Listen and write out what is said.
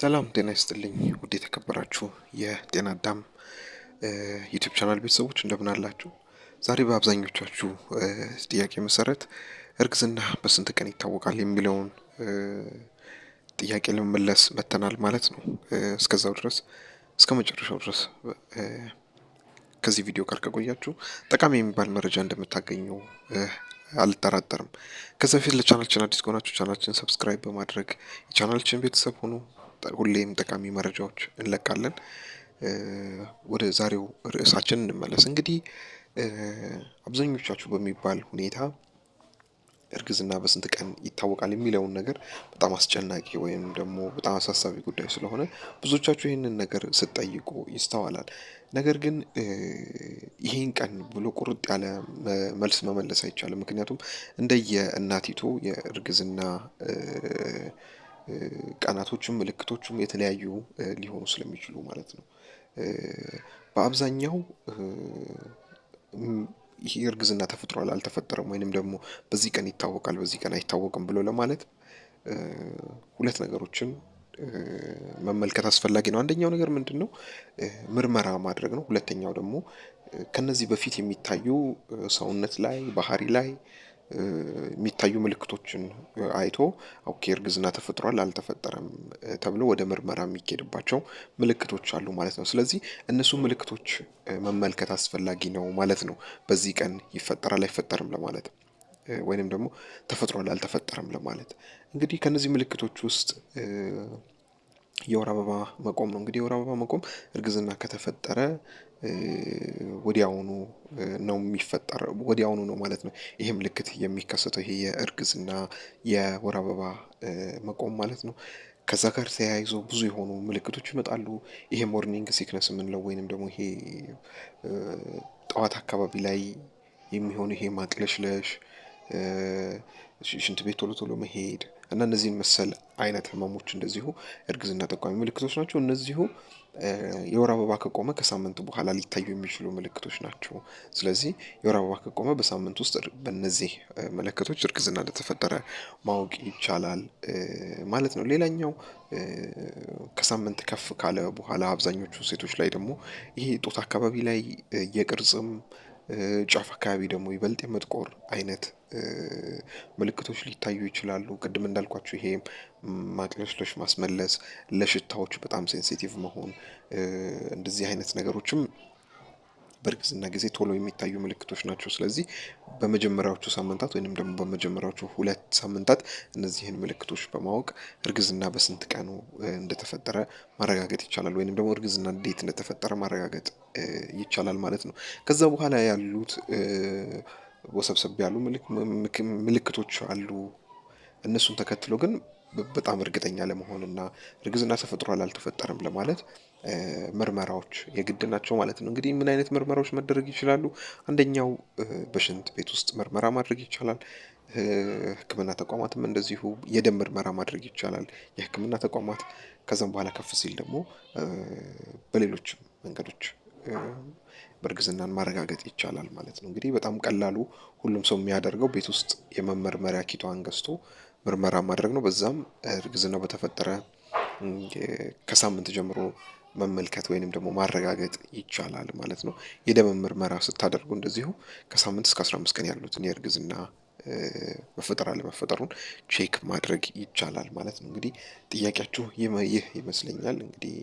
ሰላም ጤና ይስጥልኝ ውድ የተከበራችሁ የጤና አዳም ዩቲዩብ ቻናል ቤተሰቦች እንደምን አላችሁ? ዛሬ በአብዛኞቻችሁ ጥያቄ መሰረት እርግዝና በስንት ቀን ይታወቃል የሚለውን ጥያቄ ለመመለስ መተናል ማለት ነው። እስከዛው ድረስ እስከ መጨረሻው ድረስ ከዚህ ቪዲዮ ጋር ከቆያችሁ ጠቃሚ የሚባል መረጃ እንደምታገኘው አልጠራጠርም። ከዚ በፊት ለቻናልችን አዲስ ከሆናችሁ ቻናልችን ሰብስክራይብ በማድረግ የቻናልችን ቤተሰብ ሆኑ። ሁሌም ጠቃሚ መረጃዎች እንለቃለን። ወደ ዛሬው ርዕሳችን እንመለስ። እንግዲህ አብዛኞቻችሁ በሚባል ሁኔታ እርግዝና በስንት ቀን ይታወቃል የሚለውን ነገር በጣም አስጨናቂ ወይም ደግሞ በጣም አሳሳቢ ጉዳይ ስለሆነ ብዙዎቻችሁ ይህንን ነገር ስትጠይቁ ይስተዋላል። ነገር ግን ይህን ቀን ብሎ ቁርጥ ያለ መልስ መመለስ አይቻልም። ምክንያቱም እንደየ እናቲቱ የእርግዝና ቀናቶችም ምልክቶችም የተለያዩ ሊሆኑ ስለሚችሉ ማለት ነው። በአብዛኛው ይህ እርግዝና ተፈጥሯል አልተፈጠረም፣ ወይንም ደግሞ በዚህ ቀን ይታወቃል በዚህ ቀን አይታወቅም ብሎ ለማለት ሁለት ነገሮችን መመልከት አስፈላጊ ነው። አንደኛው ነገር ምንድን ነው? ምርመራ ማድረግ ነው። ሁለተኛው ደግሞ ከነዚህ በፊት የሚታዩ ሰውነት ላይ ባህሪ ላይ የሚታዩ ምልክቶችን አይቶ ኦኬ እርግዝና ተፈጥሯል አልተፈጠረም ተብሎ ወደ ምርመራ የሚኬድባቸው ምልክቶች አሉ ማለት ነው። ስለዚህ እነሱ ምልክቶች መመልከት አስፈላጊ ነው ማለት ነው። በዚህ ቀን ይፈጠራል አይፈጠርም ለማለት ወይንም ደግሞ ተፈጥሯል አልተፈጠረም ለማለት እንግዲህ ከነዚህ ምልክቶች ውስጥ የወር አበባ መቆም ነው። እንግዲህ የወር አበባ መቆም እርግዝና ከተፈጠረ ወዲያውኑ ነው የሚፈጠረው፣ ወዲያውኑ ነው ማለት ነው። ይሄ ምልክት የሚከሰተው ይሄ የእርግዝና የወር አበባ መቆም ማለት ነው። ከዛ ጋር ተያይዞ ብዙ የሆኑ ምልክቶች ይመጣሉ። ይሄ ሞርኒንግ ሲክነስ የምንለው ወይንም ደግሞ ይሄ ጠዋት አካባቢ ላይ የሚሆን ይሄ ማቅለሽለሽ ሽንት ቤት ቶሎ ቶሎ መሄድ እና እነዚህን መሰል አይነት ህመሞች እንደዚሁ እርግዝና ጠቋሚ ምልክቶች ናቸው። እነዚሁ የወር አበባ ከቆመ ከሳምንት በኋላ ሊታዩ የሚችሉ ምልክቶች ናቸው። ስለዚህ የወር አበባ ከቆመ በሳምንት ውስጥ በእነዚህ ምልክቶች እርግዝና እንደተፈጠረ ማወቅ ይቻላል ማለት ነው። ሌላኛው ከሳምንት ከፍ ካለ በኋላ አብዛኞቹ ሴቶች ላይ ደግሞ ይሄ ጡት አካባቢ ላይ የቅርጽም ጫፍ አካባቢ ደግሞ ይበልጥ የመጥቆር አይነት ምልክቶች ሊታዩ ይችላሉ። ቅድም እንዳልኳቸው ይሄ ማቅለሽለሽ፣ ማስመለስ፣ ለሽታዎች በጣም ሴንሲቲቭ መሆን እንደዚህ አይነት ነገሮችም በእርግዝና ጊዜ ቶሎ የሚታዩ ምልክቶች ናቸው። ስለዚህ በመጀመሪያዎቹ ሳምንታት ወይንም ደግሞ በመጀመሪያዎቹ ሁለት ሳምንታት እነዚህን ምልክቶች በማወቅ እርግዝና በስንት ቀኑ እንደተፈጠረ ማረጋገጥ ይቻላል፣ ወይንም ደግሞ እርግዝና እንዴት እንደተፈጠረ ማረጋገጥ ይቻላል ማለት ነው። ከዛ በኋላ ያሉት ወሰብሰብ ያሉ ምልክቶች አሉ እነሱን ተከትሎ ግን በጣም እርግጠኛ ለመሆንና እርግዝና ተፈጥሯል አልተፈጠረም ለማለት ምርመራዎች የግድ ናቸው ማለት ነው። እንግዲህ ምን አይነት ምርመራዎች መደረግ ይችላሉ? አንደኛው በሽንት ቤት ውስጥ ምርመራ ማድረግ ይቻላል። ሕክምና ተቋማትም እንደዚሁ የደም ምርመራ ማድረግ ይቻላል። የሕክምና ተቋማት ከዛም በኋላ ከፍ ሲል ደግሞ በሌሎች መንገዶች በእርግዝናን ማረጋገጥ ይቻላል ማለት ነው። እንግዲህ በጣም ቀላሉ ሁሉም ሰው የሚያደርገው ቤት ውስጥ የመመርመሪያ ኪቷን ገዝቶ ምርመራ ማድረግ ነው። በዛም እርግዝናው በተፈጠረ ከሳምንት ጀምሮ መመልከት ወይንም ደግሞ ማረጋገጥ ይቻላል ማለት ነው። የደም ምርመራ ስታደርጉ እንደዚሁ ከሳምንት እስከ 1 አምስት ቀን ያሉትን የእርግዝና መፈጠር አለመፈጠሩን ቼክ ማድረግ ይቻላል ማለት ነው። እንግዲህ ጥያቄያችሁ ይህ ይመስለኛል እንግዲህ